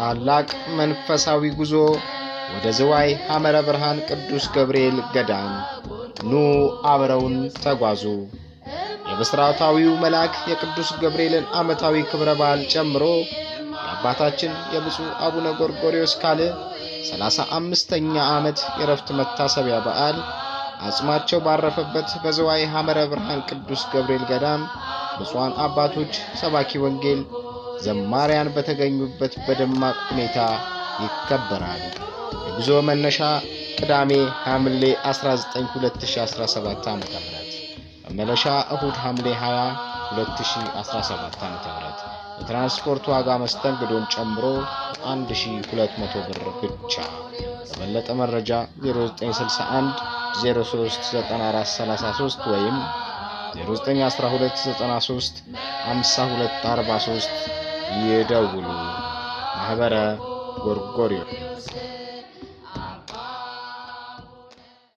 ታላቅ መንፈሳዊ ጉዞ ወደ ዝዋይ ሐመረ ብርሃን ቅዱስ ገብርኤል ገዳም ኑ አብረውን ተጓዙ። የብስራታዊው መልአክ የቅዱስ ገብርኤልን ዓመታዊ ክብረ በዓል ጨምሮ የአባታችን የብፁዕ አቡነ ጎርጎርዮስ ካል ሰላሳ አምስተኛ ዓመት የረፍት መታሰቢያ በዓል አጽማቸው ባረፈበት በዝዋይ ሐመረ ብርሃን ቅዱስ ገብርኤል ገዳም ብፁዓን አባቶች፣ ሰባኪ ወንጌል ዘማሪያን በተገኙበት በደማቅ ሁኔታ ይከበራል። የጉዞ መነሻ ቅዳሜ ሐምሌ 19 2017 ዓ ም መመለሻ እሁድ ሐምሌ 20 2017 ዓ ም የትራንስፖርት ዋጋ መስተንግዶን ጨምሮ 1200 ብር ብቻ። ለበለጠ መረጃ 0961 039433 ወይም 0912935243 ይደውሉ። ማህበረ ጎርጎሪዎስ